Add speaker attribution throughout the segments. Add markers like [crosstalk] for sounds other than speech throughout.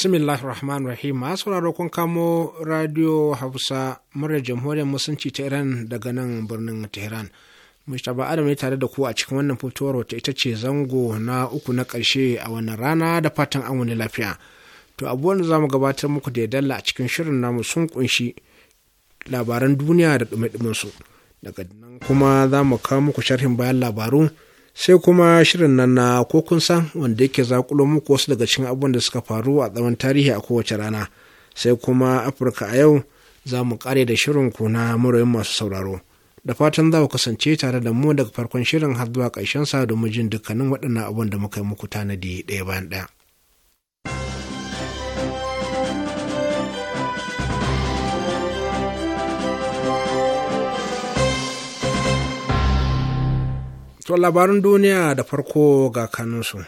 Speaker 1: bismillahir rahmanir rahim masu sauraro kun kamo radio hausa murar jamhuriyar musulunci ta iran daga nan birnin tehran ba adam ne tare da ku a cikin wannan fitowar wata ita ce zango na uku na ƙarshe a wannan rana da fatan an wani lafiya to abubuwan da za mu gabatar muku da ya dalla a cikin shirin namu sun kunshi labaran duniya da ɗume su daga nan kuma za mu kawo muku sharhin bayan labaru sai kuma shirin nan na ko san wanda yake zakulo muku wasu daga cikin abubuwan da suka faru a tsawon tarihi a kowace rana sai kuma afirka a yau za mu kare da shirin ku na murayin masu sauraro da fatan za ku kasance tare da mu daga farkon shirin har zuwa ƙarshen sa domin jin dukkanin waɗannan abubuwan da muka yi muku tanadi ɗaya bayan ɗaya. To labarin duniya da farko ga kanunsu.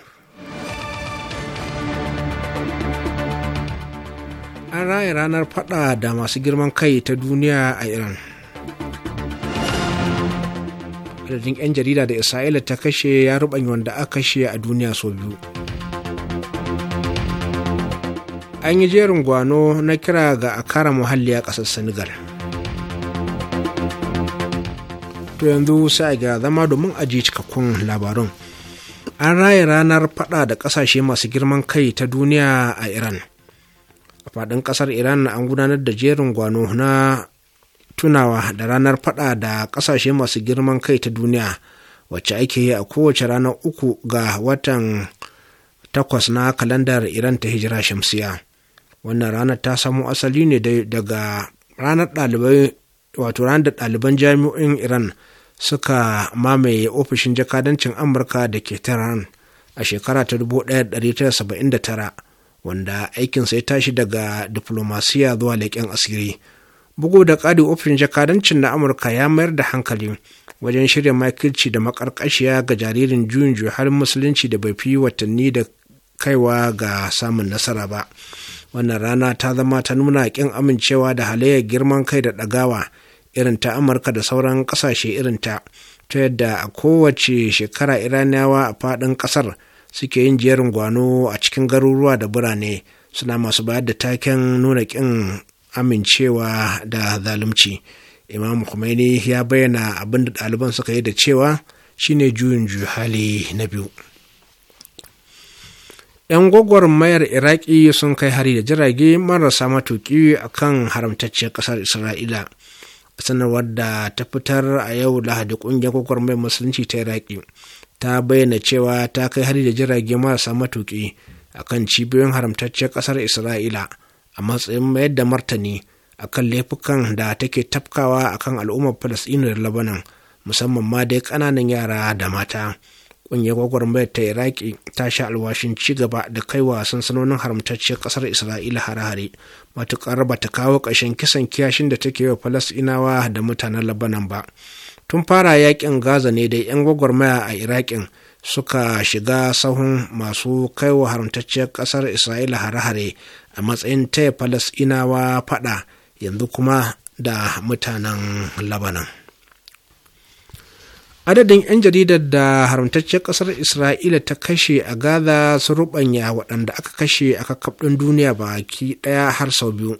Speaker 1: An raya ranar fada da masu girman kai ta duniya a Iran. Adadin 'yan jarida da Isra'ila ta kashe ya rubanya wanda aka kashe a duniya sau biyu. An yi jerin gwano na kira ga a kara muhalli a ƙasar Senegal. to yanzu sai a ga zama domin aji cikakkun labarun an raye ranar fada da kasashe masu girman kai ta duniya a iran a fadin kasar iran an gudanar da jerin gwano na tunawa da ranar fada da kasashe masu girman kai ta duniya wacce ake yi a kowace ranar uku ga watan takwas na kalandar iran ta hijira shamsiya wannan ranar ta samo asali ne daga ranar daliban ɗaliban jami'o'in iran suka mamaye ofishin jakadancin amurka da ke tehran a shekara ta 1979 wanda aikinsa ya tashi daga diflomasiya zuwa leƙen asiri bugu da ƙari ofishin jakadancin na amurka ya mayar da hankali wajen shirya makilci da makarƙashiya ga jaririn juyin har musulunci da bai fi watanni da kaiwa ga samun nasara ba wannan rana ta zama ta nuna ƙin amincewa da halayyar girman kai da ɗagawa irin ta amurka da sauran ƙasashe irin ta ta yadda a kowace shekara iraniyawa a faɗin ƙasar suke yin jerin gwano a cikin garuruwa da birane suna masu bayar da taken nuna ƙin amincewa da zalunci imam Khomeini ya bayyana abin da ɗaliban suka yi da cewa shine juyin juhali na biyu 'yan gwagwarmayar iraki sun kai hari da jirage marasa matuƙi a kan haramtacciyar ƙasar isra'ila sanarwar da ta fitar a yau lahadi kungiyar mai musulunci ta iraki ta bayyana cewa ta kai hari da jirage marasa matuƙi a kan cibiyoyin haramtacciyar ƙasar isra'ila a matsayin mayar da martani a kan laifukan da take tafkawa a kan al'ummar falasɗinu da labanan musamman ma dai ƙananan yara da mata ƙungiyar gwagwarmayar ta iraki ta sha alwashin ci gaba da kai kaiwa sansanonin haramtacciyar ƙasar isra'ila hare-hare matuƙar ba ta kawo ƙarshen kisan kiyashin da take wa falasɗinawa da mutanen labanan ba tun fara yakin gaza ne da 'yan gwagwarmaya a irakin suka shiga sahun masu kaiwa haramtacciyar ƙasar isra'ila hare-hare a matsayin taya falasɗinawa faɗa yanzu kuma da mutanen labanan adadin 'yan jaridar da haramtacciyar ƙasar isra'ila ta kashe a gaza sun rubanya waɗanda aka kashe a kakkaɓin duniya baki ɗaya har sau biyu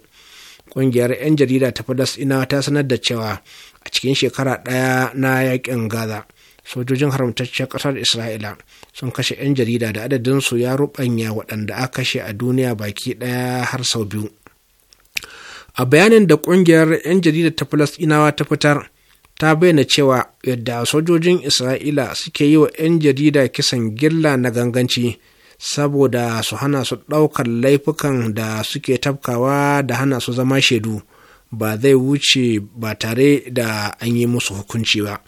Speaker 1: ƙungiyar 'yan jarida ta falasɗinawa ta sanar da cewa a cikin shekara ɗaya na yaƙin gaza sojojin haramtacciyar ƙasar isra'ila sun kashe 'yan jarida da adadin su ya rubanya waɗanda aka kashe a duniya baki ɗaya har sau biyu a bayanin da ƙungiyar 'yan jarida ta falasɗinawa ta fitar ta bayyana cewa yadda sojojin isra'ila suke yi wa 'yan jarida kisan gilla na ganganci saboda su hana su ɗaukar laifukan da suke tafkawa da hana su zama shaidu ba zai wuce ba tare da an yi musu hukunci ba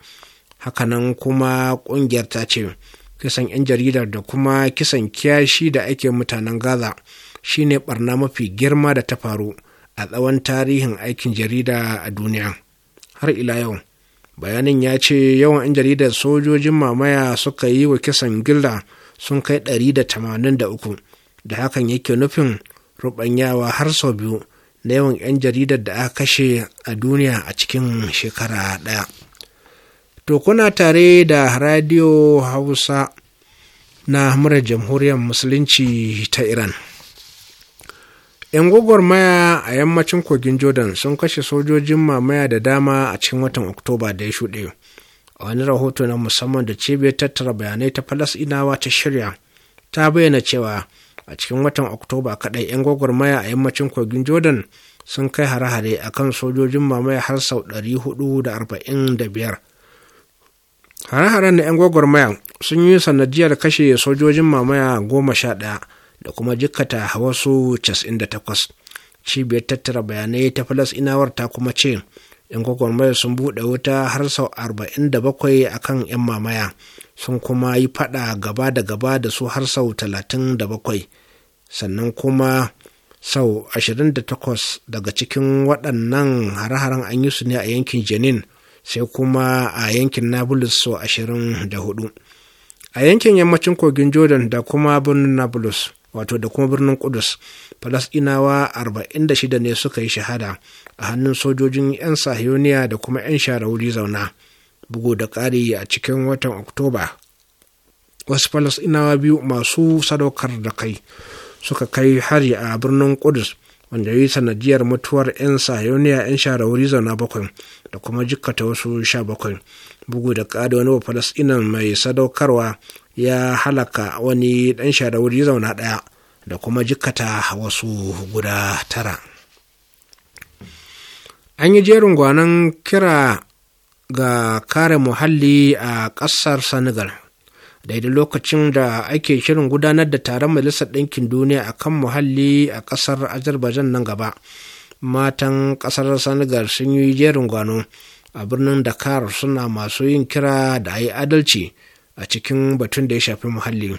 Speaker 1: hakanan kuma ƙungiyar ta ce kisan 'yan jaridar da kuma kisan kiyashi da ake mutanen gaza shine barna mafi girma da ta faru a tsawon tarihin aikin jarida a duniya har ila yau bayanin ya ce yawan 'yan jaridar sojojin mamaya suka yi wa kisan gilla sun kai 183 da hakan yake nufin rubanyawa har sau biyu na yawan 'yan jaridar da aka kashe a duniya a cikin shekara ɗaya. To kuna tare da Radio Hausa na murar Jamhuriyar Musulunci ta Iran. 'yan gwagwarmaya a yammacin kogin jordan sun kashe sojojin mamaya da dama a cikin watan oktoba da ya shuɗe a wani rahoto na musamman da cibiyar tattara bayanai ta falasɗinawa ta shirya ta bayyana cewa a cikin watan oktoba kaɗai 'yan gwagwarmaya a yammacin kogin jordan sun kai hare-hare a kan sojojin mamaya har sau 445 hare-haren na 'yan gwagwarmaya sun yi sanadiyar kashe sojojin mamaya goma sha ɗaya da kuma jikkata wasu 98 cibiyar tattara bayanai ta falasɗinawar ta kuma ce yan gwagwarmaya sun buɗe wuta har sau 47 a kan 'yan mamaya sun kuma yi faɗa gaba da gaba da su har sau 37 sannan kuma sau 28 daga cikin waɗannan hare-haren an yi su ne a yankin jenin sai kuma a yankin nablus sau 24 a yankin yammacin kogin jordan da kuma birnin nablus wato da kuma birnin Kudus, Falasɗinawa 46 ne suka yi shahada a hannun sojojin 'yan sahiyoniya da kuma 'yan sharauri zauna. Bugu da ƙari a cikin watan Oktoba, wasu Falasɗinawa biyu masu sadaukar da kai suka kai hari a birnin Kudus. wanda ya yi sanadiyar mutuwar 'yan sahiyoniya 'yan sharauri zauna bakwai da kuma jikkata wasu sha bakwai bugu da ƙari wani falasɗinan mai sadaukarwa ya halaka wani ɗan sharawuri zauna ɗaya da kuma jikata wasu guda tara an yi jerin gwanon kira ga kare muhalli a ƙasar senegal daidai lokacin da ake shirin gudanar da taron majalisar ɗinkin duniya a kan muhalli a ƙasar azerbaijan nan gaba matan ƙasar senegal sun yi jerin gwano a birnin dakar suna masu yin kira da ayi adalci a cikin batun da ya shafi muhalli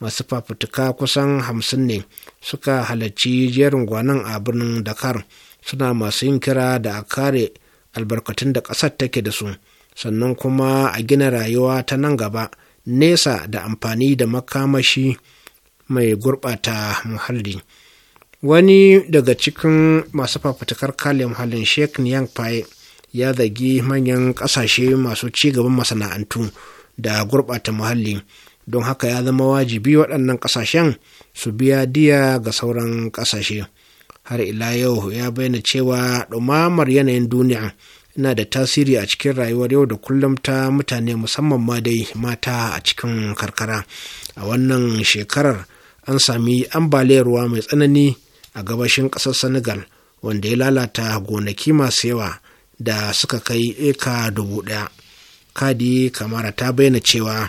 Speaker 1: masu fafutuka kusan hamsin ne suka halarci jerin gwanan a birnin dakar suna masu yin kira da a kare albarkatun da ƙasar take da su sannan kuma a gina rayuwa ta nan gaba nesa da amfani da makamashi mai gurɓata muhalli wani daga cikin masu fafutukar kale muhallin sheikh niang ya zagi manyan ƙasashe masu ci gaban masana'antu da gurbata muhalli don haka ya zama wajibi waɗannan ƙasashen su biya diya ga sauran ƙasashe har ila yau ya bayyana cewa ɗumamar yanayin duniya na da tasiri a cikin rayuwar yau da kullum ta mutane musamman ma dai mata a cikin karkara a wannan shekarar an sami ambaliyar ruwa mai tsanani a gabashin ƙasar senegal wanda ya lalata gonaki masu yawa da suka kai eka dubu ɗaya kadi kamara ta bayyana cewa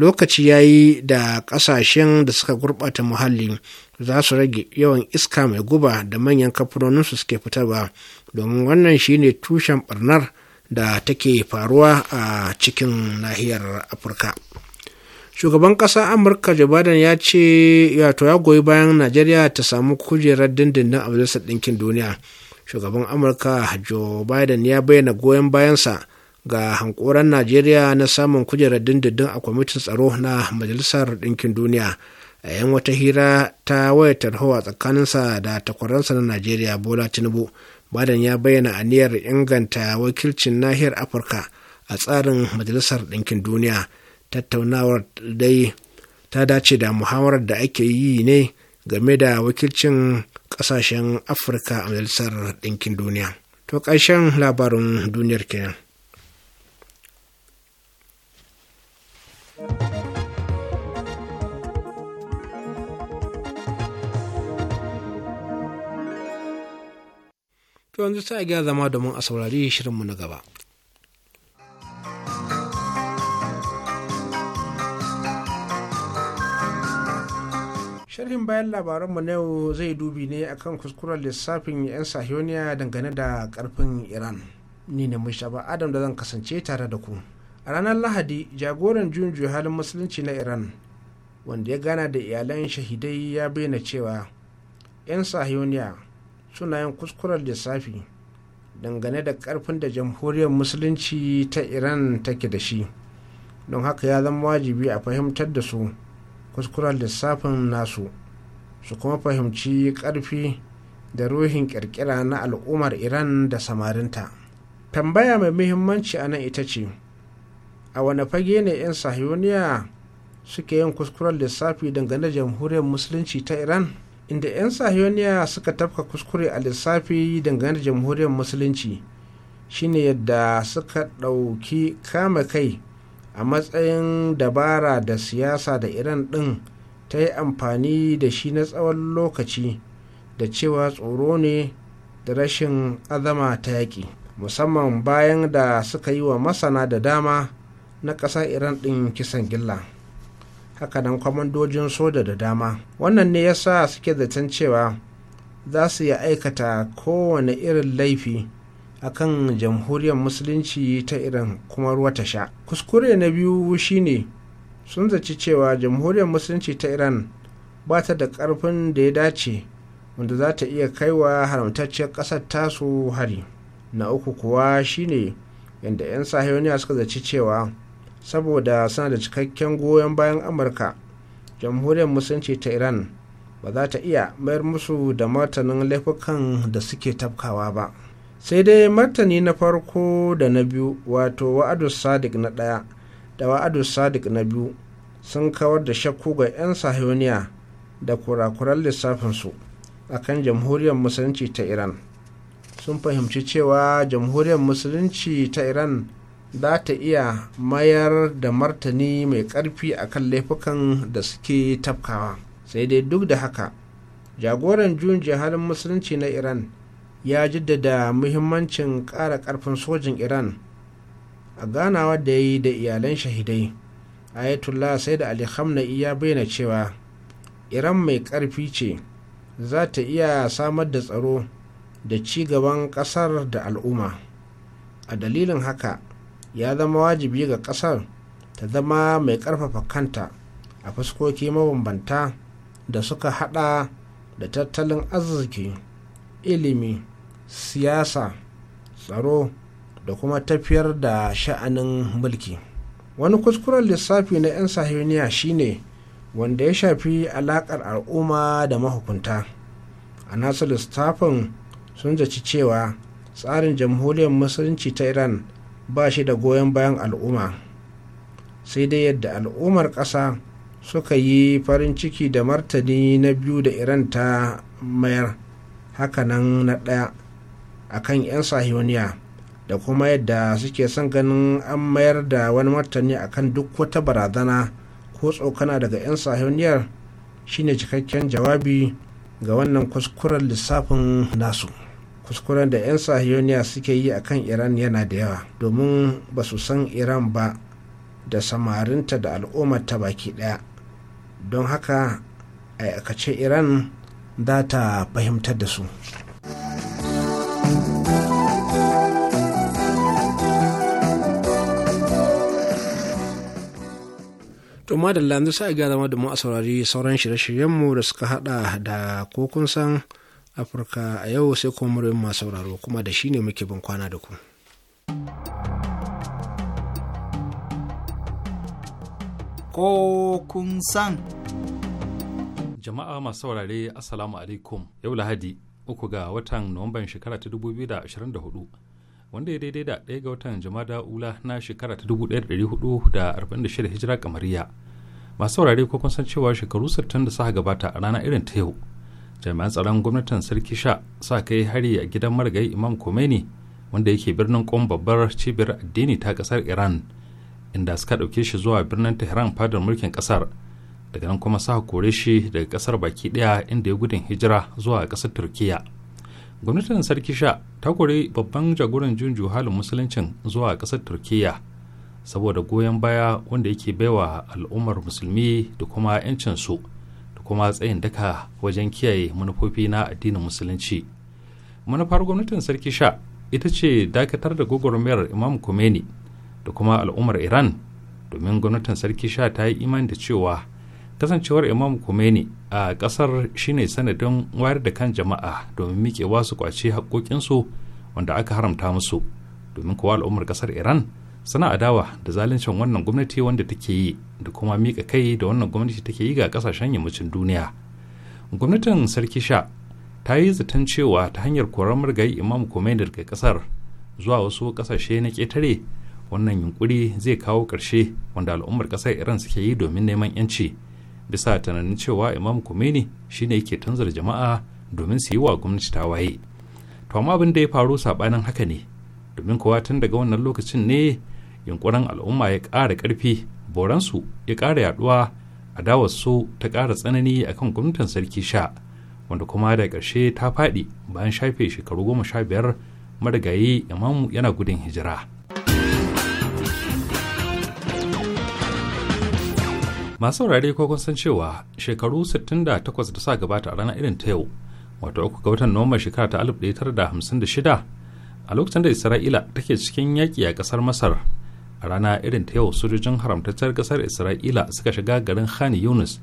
Speaker 1: lokaci ya yi da ƙasashen da suka gurɓata muhalli za su rage yawan iska mai guba da manyan su suke fita ba, domin wannan shine tushen barnar da take faruwa a cikin nahiyar afirka shugaban ƙasa amurka joe ya ce wato ya goyi bayan najeriya ta samu kujerar dindindin a majalisar ɗinkin duniya shugaban amurka joe biden ya bayyana goyon bayansa ga hankoran najeriya na samun kujerar dindindin a kwamitin tsaro na majalisar ɗinkin duniya a yan wata hira ta waya tarhowa tsakaninsa da takwaransa na najeriya bola tinubu badan ya bayyana aniyar inganta wakilcin nahiyar afirka a tsarin majalisar ɗinkin duniya tattaunawar dai ta dace da muhawarar da ake yi ne game da wakilcin ƙasashen afirka a majalisar ɗinkin duniya to ƙarshen labarin duniyar kenan. To yanzu sai gina zama domin a saurari shirinmu na gaba. Sharhin bayan labaranmu na yau zai dubi ne akan kuskuren lissafin 'yan sahiyoniya dangane da karfin Iran. Ni ne Mushaba Adam da zan kasance tare da ku. a ranar lahadi jagoran junjo halin musulunci na iran wanda ya gana da iyalan shahidai ya bayyana cewa 'yan sahiyoniya suna yin kuskuren lissafi dangane da karfin da jamhuriyar musulunci ta iran take da shi don haka ya zama wajibi a fahimtar da su kuskuren lissafin nasu su kuma fahimci karfi da ruhin kirkira na al'ummar iran da samarinta tambaya mai muhimmanci a nan ita ce a wane fage ne 'yan sahiyoniya suke yin kuskuren lissafi dangane da jamhuriyar musulunci ta iran inda 'yan sahiyoniya suka tafka kuskure a lissafi dangane da jamhuriyar musulunci shine yadda suka ɗauki kama kai a matsayin dabara da siyasa da iran ɗin ta yi amfani da shi na tsawon lokaci da cewa tsoro ne da rashin azama ta yaƙi musamman bayan da suka yi wa masana da dama na ƙasar iran ɗin kisan gilla hakanan kwamandojin soja da dama wannan ne ya sa suke zaton cewa za su yi aikata kowane irin laifi a kan jamhuriyar musulunci ta iran kuma ruwa ta sha kuskure na biyu shine sun zaci cewa jamhuriyar musulunci ta iran ba ta da ƙarfin da ya dace wanda za ta iya kaiwa haramtacciyar ƙasar tasu hari na uku kuwa shine yadda 'yan sahiyoniya suka zaci cewa saboda suna da cikakken goyon bayan amurka jamhuriyar musulunci ta iran ba za ta iya mayar musu da martanin laifukan da suke tafkawa ba sai dai martani na farko da na biyu wato wa'adu sadiq na ɗaya da wa'adu sadiq na biyu sun kawar da shakku ga 'yan sahiyoniya da kurakuran lissafinsu a kan jamhuriyar musulunci ta iran sun fahimci cewa jamhuriyar musulunci ta iran za ta iya mayar da martani mai ƙarfi a kan laifukan da suke tafkawa sai dai duk da haka jagoran juyin jihalin musulunci na iran ya jaddada muhimmancin ƙara ƙarfin sojin iran a ganawa da ya yi da iyalan shahidai ayatollah sai da ali khamenei ya bayyana cewa iran mai ƙarfi ce za ta iya samar da tsaro da ci gaban ƙasar da al'umma a dalilin haka ya zama wajibi ga ƙasar ta zama mai ƙarfafa kanta a fuskoki mabambanta da suka hada da tattalin arziki ilimi siyasa tsaro da kuma tafiyar da sha'anin mulki wani kuskuren lissafi na 'yan sahiniya shine wanda ya shafi alakar al'umma da mahukunta a nasu lissafin sun zaci cewa tsarin jamhuriyar musulunci ta iran ba shi da goyon bayan al'umma sai dai yadda al'ummar ƙasa suka yi farin ciki da martani na biyu da iran ta mayar hakanan na ɗaya a kan 'yan sahiyoniya da kuma yadda suke son ganin an mayar da wani martani a kan duk wata barazana ko tsokana daga 'yan sahiyoniyar shine cikakken jawabi ga wannan kuskuren lissafin nasu kuskuren da 'yan sahiyoniya suke yi akan iran yana da yawa domin ba su san iran ba da samarinta da al'ummarta baki daya don haka aikace iran za ta fahimtar da su Tuma da lanzu sa'a gada zama da mu a saurari sauran shirye-shiryenmu da suka hada da kokun san afirka a yau sai kuma murin masu sauraro kuma da shi ne muke
Speaker 2: bin kwana da ku
Speaker 3: ko kun san
Speaker 2: jama'a masu saurare assalamu alaikum yau lahadi uku ga watan nuwamban shekara ta 2024 wanda ya daidai da ɗaya ga watan jama'a ula na shekara ta 1446 hijira kamariya masu saurare ko kun san cewa shekaru 60 da suka gabata a rana irin ta yau jami'an tsaron gwamnatin sarki sha sa kai hari a gidan marigayi imam khomeini wanda yake birnin kom babbar cibiyar addini ta kasar iran inda suka ɗauke shi zuwa birnin tehran fadar mulkin kasar daga nan kuma sa kore shi daga kasar baki ɗaya inda ya gudun hijira zuwa kasar turkiya gwamnatin sarki sha ta kore babban jagoran junju halin musuluncin zuwa kasar turkiya saboda goyon baya wanda yake baiwa al'ummar musulmi da kuma 'yancin su kuma tsayin daka wajen kiyaye manufofi na addinin musulunci manufar gwamnatin sarki sha ita ce dakatar da gwagwarmayar imam Khomeini da kuma al'ummar iran domin gwamnatin sarki sha ta yi imani da cewa kasancewar imam Khomeini a kasar shine sanadin wayar da kan jama'a domin miƙewa su kwace haƙoƙinsu wanda aka haramta musu domin kuwa al'ummar kasar iran sana adawa da zaluncin wannan gwamnati wanda take yi da kuma mika kai da wannan gwamnati take yi ga kasashen yammacin duniya gwamnatin sarki sha ta yi zaton cewa ta hanyar koran murgayi imam Khomeini daga kasar zuwa wasu kasashe na ketare wannan yunkuri zai kawo ƙarshe wanda al'ummar ƙasar iran suke yi domin neman yanci bisa tunanin cewa imam komai shine yake tanzar jama'a domin su yi wa gwamnati ta waye to amma abin da ya faru sabanin haka ne domin kowa tun daga wannan lokacin ne yunkurin al'umma ya ƙara ƙarfi boransu ya ƙara yaduwa su ta ƙara tsanani akan gwamnatin sarki sha wanda kuma da ƙarshe ta faɗi bayan shafe shekaru goma sha biyar marigayi imamu yana gudun hijira masu saurare ko kun san cewa shekaru 68 da sa gabata a ranar irin ta yau wato uku ga watan nomar shekara ta 1956 a lokacin da isra'ila take cikin yaƙi a ƙasar masar a rana irin ta yau sojojin haramtaccen kasar isra'ila suka shiga garin khan yunus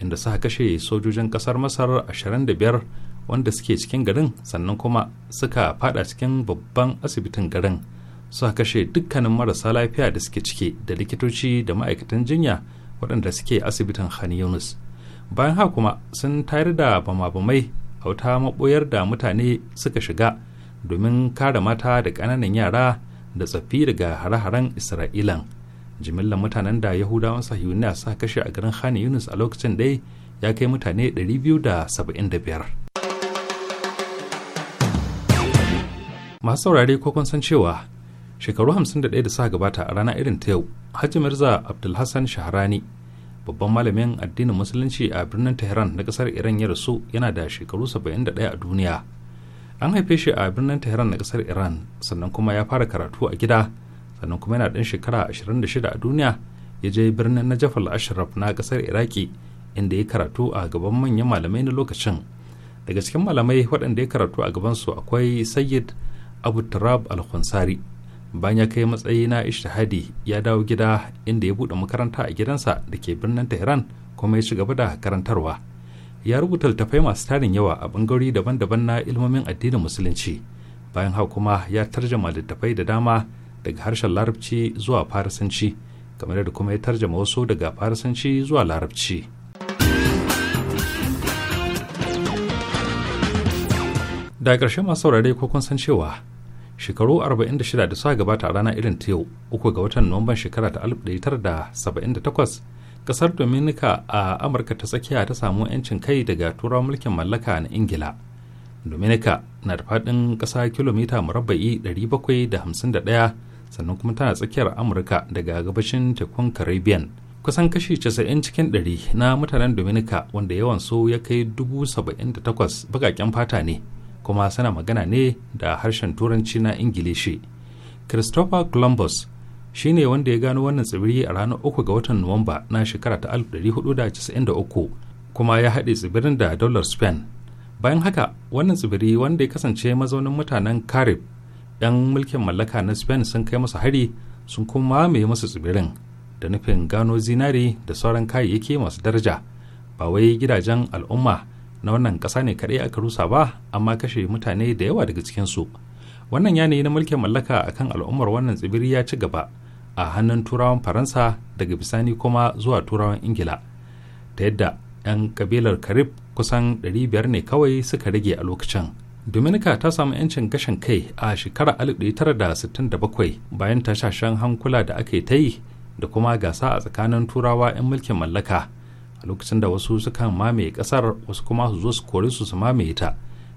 Speaker 2: inda suka kashe sojojin kasar masar 25 wanda suke cikin garin sannan kuma suka fada cikin babban asibitin garin suka kashe dukkanin marasa lafiya da suke ciki da likitoci da ma'aikatan jinya waɗanda suke asibitin khan yunus bayan haka kuma sun tayar da bama-bamai a wata maɓoyar da mutane suka shiga domin kare mata da ƙananan yara da tsaffi daga hare-haren isra'ilan jimillar mutanen da yahudawan sahiyuniya sa kashe a garin khan yunus a lokacin dai ya kai mutane 275 masu saurari ko kun san cewa shekaru 51 da suka gabata a rana irin ta yau hajji mirza abdulhassan shaharani babban malamin addinin musulunci a birnin tehran na kasar iran ya rasu yana da shekaru 71 a duniya an haife shi a birnin tehran na kasar iran sannan kuma ya fara karatu a gida sannan kuma yana ɗan shekara 26 a duniya ya je birnin najaf al-ashraf na kasar iraki inda ya karatu a gaban manyan malamai na lokacin daga cikin malamai waɗanda ya karatu a gaban su akwai sayyid abu turab al bayan ya kai matsayi na ishtihadi ya dawo gida inda ya buɗe makaranta a gidansa da ke birnin tehran kuma ya ci gaba da karantarwa ya rubuta littattafai masu tarin yawa a bangarori daban-daban na ilmomin addinin musulunci bayan haka kuma ya tarjama littattafai da dama daga harshen larabci zuwa farisanci kamar da kuma ya tarjama wasu daga farisanci zuwa larabci da ƙarshe masu saurare ko kun san cewa shekaru 46 da suka gabata a ranar irin ta yau uku ga watan nuwamban shekara ta 1978 kasar dominica a amurka ta tsakiya ta samu 'yancin kai daga turawan mulkin mallaka na ingila dominica na da faɗin ƙasa kilomita murabba'i 751 sannan kuma tana tsakiyar amurka daga gabashin tekun caribbean kusan kashi 90 cikin 100 na mutanen dominica wanda yawan su ya kai 78,000 bakaken fata ne kuma suna magana ne da harshen turanci na ingilishi christopher columbus shi ne wanda ya gano wannan tsibiri a ranar uku ga watan nuwamba na shekara ta 1493 kuma ya haɗe tsibirin da daular spain bayan haka wannan tsibiri wanda ya kasance mazaunin mutanen carib 'yan mulkin mallaka na spain sun kai masa hari sun kuma mamaye masa tsibirin da nufin gano zinari da sauran kayayyaki masu daraja ba wai gidajen al'umma na wannan ƙasa ne kaɗai aka rusa ba amma kashe mutane da yawa daga cikinsu wannan yanayi na mulkin mallaka akan al'ummar wannan tsibiri ya ci gaba a hannun turawan faransa daga bisani kuma zuwa turawan ingila ta yadda 'yan kabilar karib kusan 500 ne kawai suka rage a lokacin dominica ta samu 'yancin gashin kai a shekarar 1967 bayan tashashen hankula da yi ta yi da kuma gasa a tsakanin turawa 'yan mulkin mallaka a lokacin da wasu sukan mamaye kasar wasu kuma su zo su kore su su mamaye ta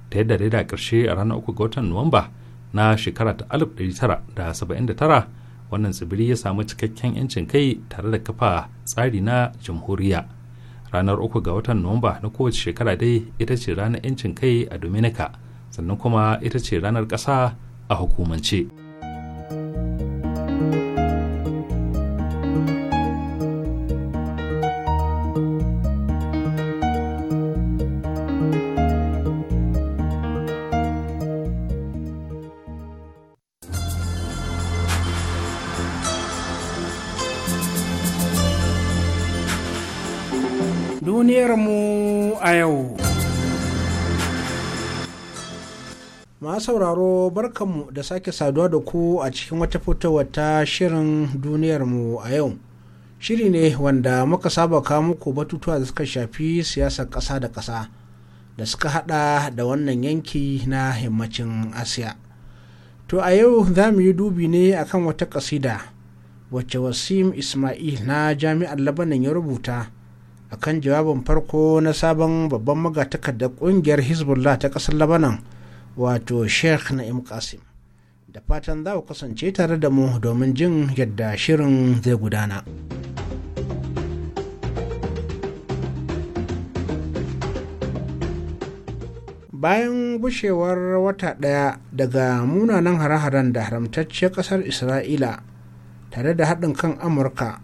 Speaker 2: ta yadda daida da karshe a ranar 3 ga watan nuwamba na shekara ta 1979 wannan tsibiri ya samu cikakken 'yancin kai tare da kafa tsari na jamhuriya ranar uku ga watan nuwamba na kowace shekara dai ita ce ranar 'yancin kai a dominica sannan kuma ita ce ranar ƙasa a hukumance.
Speaker 1: yau. Ma sauraro barkanmu da sake saduwa da ku a cikin wata fitowar ta shirin duniyarmu a yau. Shiri ne wanda muka saba kawo muku batutuwa da suka shafi siyasar ƙasa da ƙasa da suka haɗa da wannan yanki na himmacin Asiya. To a yau za mu yi dubi ne akan wata ƙasida wacce Wasim Ismail na Jami'ar Labanin ya rubuta. akan jawabin farko na sabon babban magatakardar kungiyar hezbollah ta kasar labanan wato sheikh na'im qasim da fatan za ku kasance tare da mu domin jin yadda shirin zai gudana. bayan bushewar wata ɗaya daga munanan hare-haren da haramtacciyar ƙasar isra'ila tare da haɗin kan amurka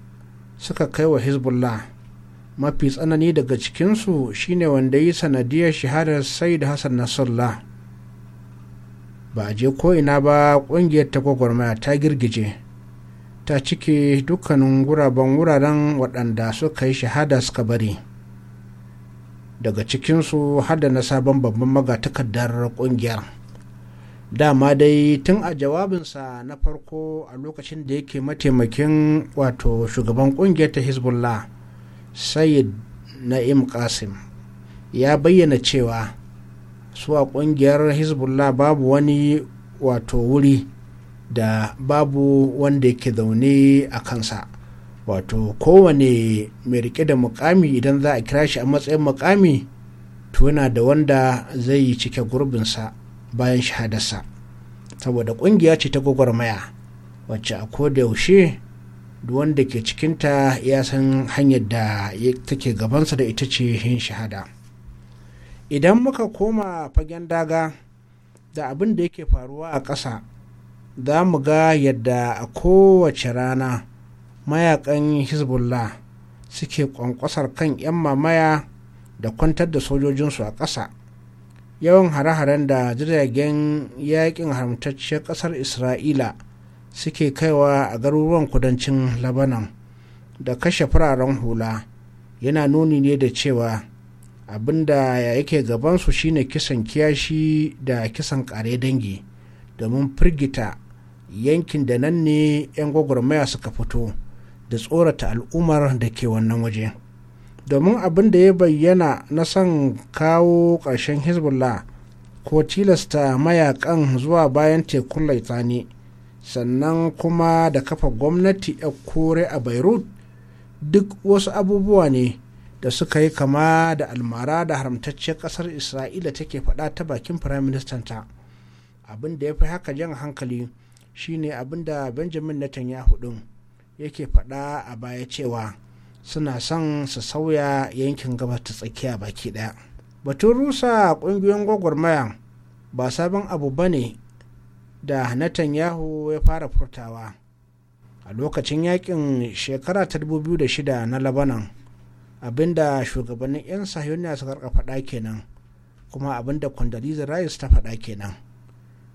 Speaker 1: suka kai wa hezbollah mafi tsanani daga cikinsu shine wanda yi sanadiyar shahadar da hassan nasrallah ba a je ko'ina ba kungiyar ta gwagwarmaya ta girgije ta cike dukkanin guraben wuraren waɗanda suka yi shahada suka bari daga cikinsu hada na sabon babban magatakardar ƙungiyar, dama dai tun a jawabinsa na farko a lokacin da yake mataimakin wato shugaban kungiyar ta hezbollah sayid na'im qasim ya bayyana cewa su a kungiyar hezbollah babu wani wato wuri da babu wanda yake zaune a kansa wato kowane mai rike da mukami idan za a kira shi a matsayin mukami to yana da wanda zai yi cike gurbinsa bayan shahadarsa saboda kungiya ce ta gwagwarmaya wacce a da yaushe wanda ke cikinta ya san hanyar da take gabansa da ita ce yin shahada idan muka koma fagen daga da abin da yake faruwa a ƙasa za mu ga yadda a kowace rana mayakan hezbollah suke ƙwanƙwasar kan 'yan mamaya da kwantar da sojojinsu a ƙasa yawan hare-haren da jiragen yaƙin haramtacciyar ƙasar isra'ila suke kaiwa a garuruwan kudancin labanan da kashe fararen hula yana nuni ne da cewa abin da yake gabansu shine kisan kiyashi da kisan kare dangi domin firgita yankin da nan ne 'yan gwagwarmaya suka fito da tsorata al'ummar da ke wannan waje domin abin da ya bayyana na son kawo ƙarshen hezbollah ko tilasta mayakan zuwa bayan tekun laitani sannan kuma da kafa gwamnati a kore a beirut duk wasu abubuwa ne da suka yi kama da almara da haramtacciyar kasar isra'ila take faɗa ta bakin firaministanta abin da ya fi haka jan hankali shine abin da benjamin netanyahu ɗin yake faɗa a baya cewa suna son su sauya yankin gabas ta tsakiya baki ɗaya batun rusa ƙungiyoyin gwagwarmaya ba sabon abu ba ne da Netanyahu ya fara furtawa a lokacin yakin shekara ta 2006 na Labanan abinda shugabannin 'yan sahiyoniya suka karka faɗa kenan kuma abinda Condoleezza Rice ta faɗa kenan.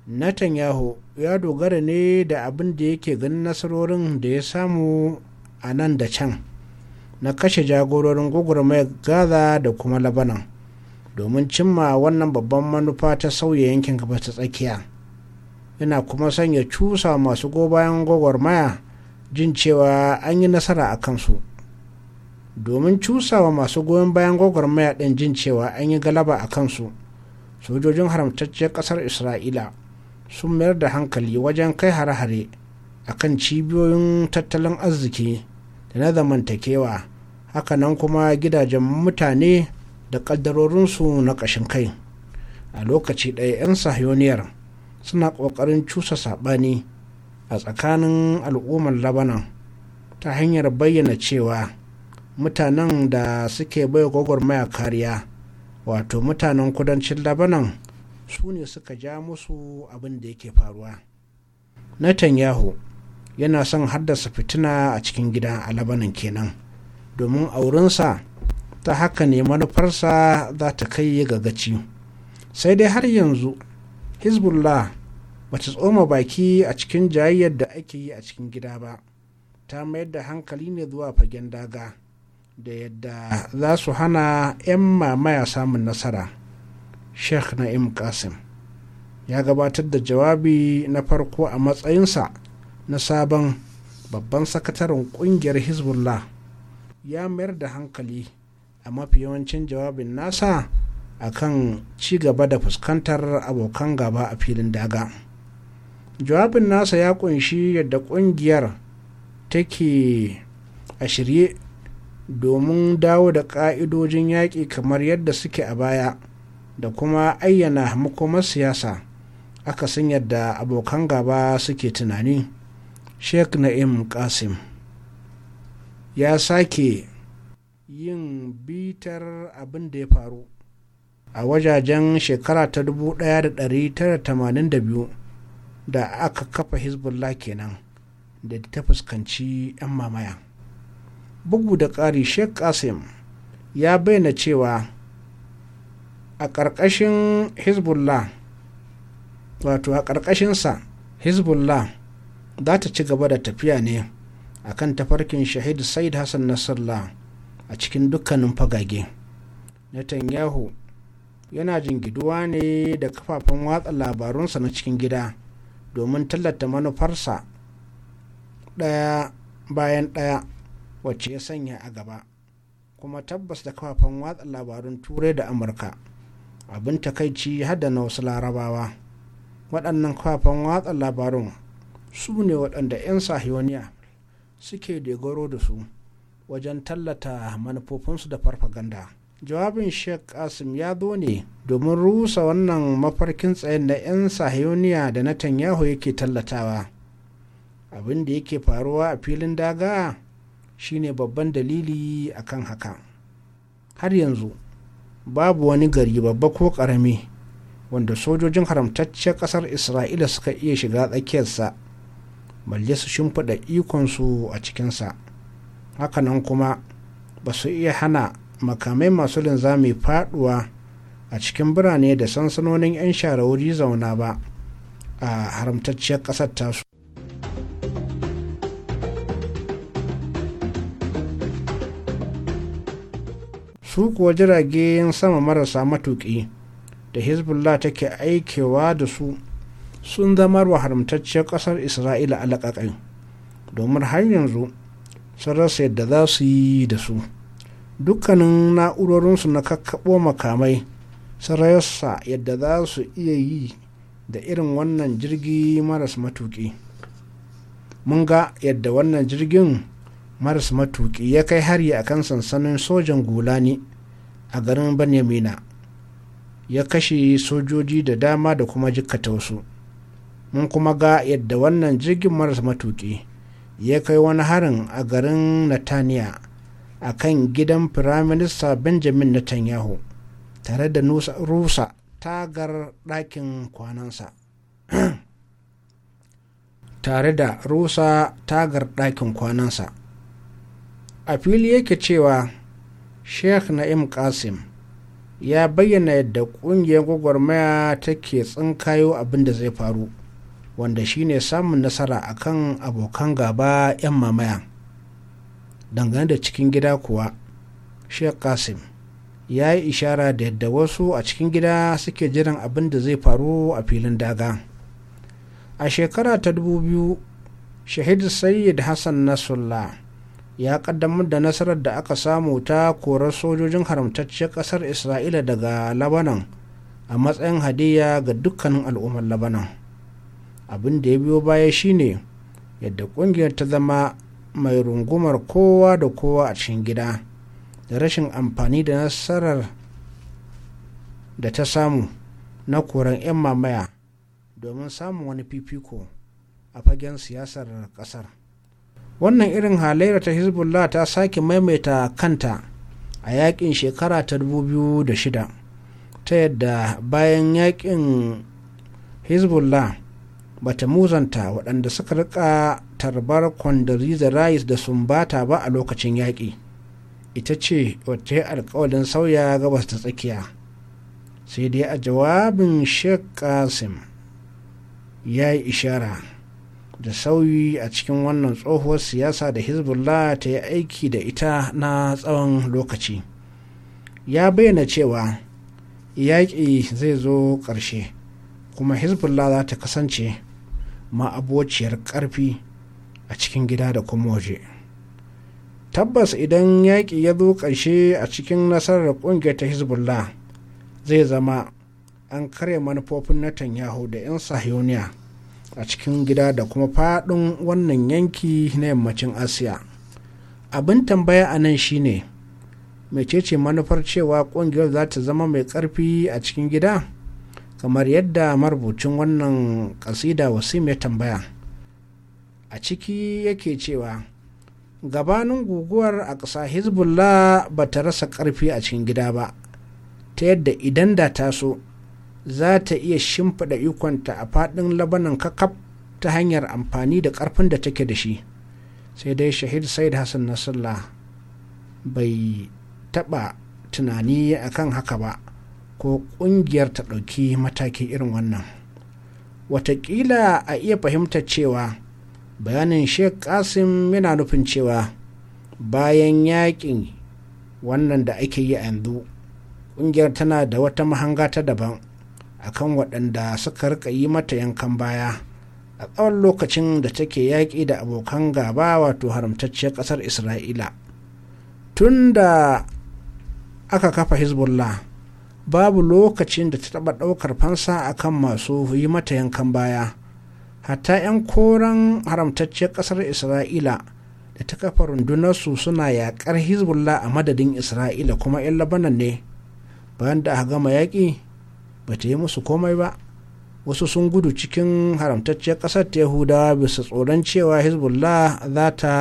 Speaker 1: Netanyahu ya dogara ne da abin da yake ganin nasarorin da ya samu a nan da can na kashe jagororin gwagwarmayar Gaza da kuma Labanan domin cimma wannan babban manufa ta sauya yankin gabas ta tsakiya. yana kuma sanya cusa masu go bayan gwagwarmaya jin cewa an yi nasara a kansu domin cusawa masu goyon bayan gwagwarmaya ɗin jin cewa an yi galaba a kansu sojojin haramtacciyar ƙasar isra'ila sun mayar da hankali wajen kai hare-hare a kan cibiyoyin tattalin arziki da na zamantakewa hakanan kuma gidajen mutane da ƙaddarorinsu na ƙashin kai a lokaci ɗaya 'yan sahioniyar suna ƙoƙarin cusa saɓani a tsakanin al'ummar labanan ta hanyar bayyana cewa mutanen da suke bai gwagwarmaya kariya wato mutanen kudancin labanan su ne suka ja musu abin da yake faruwa netanyahu yana son haddasa fitina a cikin gida a labanan kenan domin aurinsa ta haka ne manufarsa za ta kai ga gaci sai dai har yanzu hezbollah ba ta tsoma baki a cikin jayayyar da ake yi a cikin gida ba ta mayar da hankali ne zuwa fagen daga da yadda za su hana 'yan mamaya samun nasara sheikh na'im kasim ya gabatar da jawabi na farko a matsayinsa na sabon babban sakataren kungiyar hezbollah ya mayar da hankali a mafi yawancin jawabin nasa akan ci gaba da fuskantar abokan gaba a filin daga. jawabin nasa ya kunshi yadda kungiyar take a shirye domin dawo da ƙa'idojin yaƙi kamar yadda suke a baya da kuma ayyana makomar siyasa aka san yadda abokan gaba suke tunani sheikh na'im qasim ya sake yin bitar abin da ya faru a wajajen shekara ta 1982 da aka kafa hezbollah kenan da ta fuskanci 'yan mamaya bugu da ƙari sheikh qasim ya bayyana cewa a ƙarƙashin hezbollah wato a ƙarƙashinsa hezbollah za ta ci gaba da tafiya ne a kan tafarkin shahid said hassan nasrallah a cikin dukkanin fagage netanyahu yana jingiduwa ne da kafafen watsa labarunsa na cikin gida domin tallata manufarsa ɗaya bayan ɗaya wacce ya sanya a gaba kuma tabbas da kafafen watsa labarun turai da amurka abin takaici hada na wasu larabawa waɗannan kafafen watsa labarun su ne waɗanda 'yan sahiyoniya suke dogaro da su wajen tallata manufofinsu da farfaganda. jawabin sheikh Kasim ya zo ne domin rusa wannan mafarkin tsayin na 'yan sahiyoniya da na netanyahu yake tallatawa abin da yake faruwa a filin daga shine babban dalili akan haka har yanzu babu wani gari babba ko karami wanda sojojin haramtaccen kasar isra'ila suka iya shiga tsakiyarsa balle su shimfiɗa ikonsu a cikinsa hakanan kuma ba su iya hana makamai masu linzami faduwa a cikin birane da sansanonin 'yan shara zauna ba a haramtacciyar ƙasar tasu su kuwa jiragen sama marasa matuƙi da hezbollah take aikewa da su sun zama wa haramtacciyar ƙasar isra'ila alaƙaƙai domin har yanzu sun rasa yadda za su yi da su dukkanin na'urorinsu na kakkaɓo makamai sun rasa yadda za su iya yi da irin wannan jirgi maras matuƙi mun ga yadda wannan jirgin maras matuƙi ya kai hari a kan sansanin sojan gulani a garin banyamina ya kashe sojoji da dama da kuma jikkata wasu mun kuma ga yadda wannan jirgin maras matuƙi ya kai wani harin a garin nataniya a kan gidan firaminista benjamin netanyahu tare da rusa tagar ɗakin kwanansa [clears throat] tare da rusa tagar ɗakin kwanansa a fili yake cewa sheikh na'im qasim ya bayyana yadda ƙungiyar gwagwarmaya take tsinkayo abin da zai faru wanda shine samun nasara akan abokan gaba 'yan mamaya dangane da cikin gida kuwa sheikh kasim ya yi ishara da yadda wasu a cikin gida suke jiran abin da zai faru a filin daga a shekara ta dubu biyu shahid sayyid hassan nasrullah ya kaddamar da nasarar da aka samu ta korar sojojin haramtacciyar kasar isra'ila daga labanan a matsayin hadiya ga dukkanin al'ummar labanan abin da ya biyo baya shine yadda kungiyar ta zama mai rungumar kowa da kowa a cikin gida da rashin amfani da nasarar da ta samu na koren 'yan mamaya domin samun wani fifiko a fagen siyasar kasar wannan irin halayyar ta hezbollah ta sake maimaita kanta a yakin shekara ta 2006 ta yadda bayan yakin hezbollah bata muzanta waɗanda suka rika tarbar kwandariza Rice da sumbata ba a lokacin yaƙi. Ita ce wata wacce alkawalin sauya gabas ta tsakiya. Sai dai a jawabin Sheikh Qasim ya yi ishara da sauyi a cikin wannan tsohuwar siyasa da Hezbollah ta yi aiki da ita na tsawon lokaci. Ya bayyana cewa yaƙi zai zo ƙarshe kuma Hezbollah za ta kasance ma'abociyar ƙarfi a cikin gida da kuma waje tabbas idan yaƙi ya zo ƙarshe a cikin nasarar ƙungiyar ta hezbollah zai zama an karya manufofin netanyahu da 'yan sahiyoniya a cikin gida da kuma faɗin wannan yanki na yammacin asiya abin tambaya a nan shi shine mecece manufar cewa ƙungiyar za ta zama mai ƙarfi a cikin gida kamar yadda marubucin wannan ƙasida wasim ya tambaya a ciki yake cewa gabanin guguwar a ƙasa hezbollah ba ta rasa ƙarfi a cikin gida ba ta yadda idan da ta so za ta iya shimfiɗa ikonta a faɗin labanan kakaf ta hanyar amfani da ƙarfin da take da shi sai dai shahid said hassan nasrallah bai taɓa tunani akan haka ba ko ƙungiyar ta ɗauki mataki irin wannan watakila a iya fahimtar cewa bayanin sheikh kasim yana nufin cewa bayan yakin wannan da ake yi a yanzu ƙungiyar tana da wata mahanga ta daban akan waɗanda suka rika yi mata yankan baya a tsawon lokacin da take yaƙi da abokan gaba wato haramtacciyar ƙasar isra'ila tun da aka kafa hezbollah babu lokacin da ta taɓa ɗaukar fansa akan masu yi mata yankan baya hatta 'yan koren haramtacciyar ƙasar isra'ila da ta kafa rundunarsu suna yaƙar hezbollah a madadin isra'ila kuma 'yan labanan ne bayan da a gama yaƙi ba ta yi musu komai ba wasu sun gudu cikin haramtacciyar ƙasar ta yahudawa bisa tsoron cewa hezbollah za ta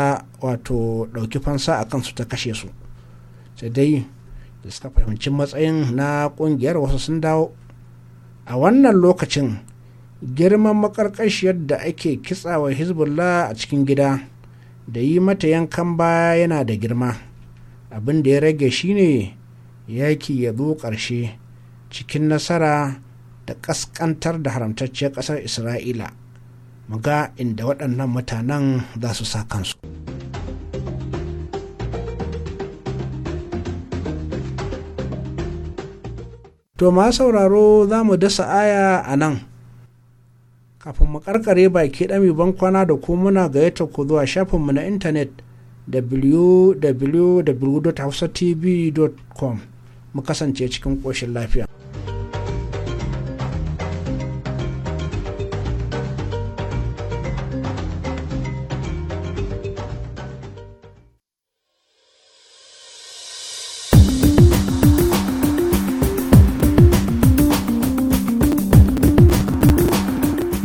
Speaker 1: wato ɗauki fansa a kansu ta kashe su sai dai da suka fahimci matsayin na ƙungiyar wasu sun dawo a wannan lokacin girman makarkashiyar da ake kitsawa hezbollah a cikin gida da yi mata yankan baya yana da girma abin da ya rage shine yaki ya zo ƙarshe cikin nasara da ƙasƙantar da haramtacciyar ƙasar isra'ila muga inda waɗannan mutanen za su sa kansu to ma sauraro za mu dasa aya a nan kafin mu karkare baki dami bankwana da ko muna gayyata ku zuwa mu na intanet www.hausatv.com mu kasance cikin koshin lafiya.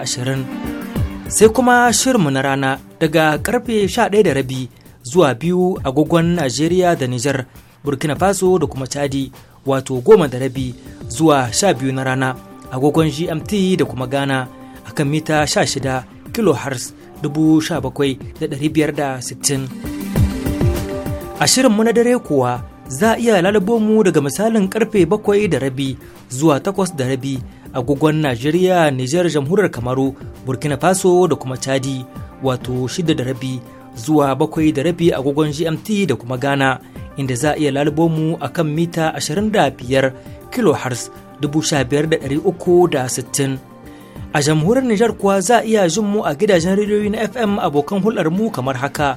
Speaker 4: ashirin sai kuma shirinmu na rana daga karfe rabi zuwa biyu agogon Najeriya da Nijar Burkina Faso da kuma Chadi wato goma da rabi zuwa sha biyu na rana agogon GMT da kuma Ghana a kan mita 16 kilohertz 17,560 a shirinmu na dare kuwa za a iya lalabo mu daga misalin karfe bakwai da rabi zuwa takwas da rabi agogon Najeriya, Nijar, Jamhuriyar Kamaru, Burkina Faso da kuma Chadi, wato shida da rabi zuwa bakwai da rabi agogon GMT da kuma Ghana, inda za a iya lalabo mu a kan mita 25 kHz 15,360. A jamhuriyar Nijar kuwa za a iya jin mu a gidajen rediyoyi na FM abokan hulɗar mu kamar haka.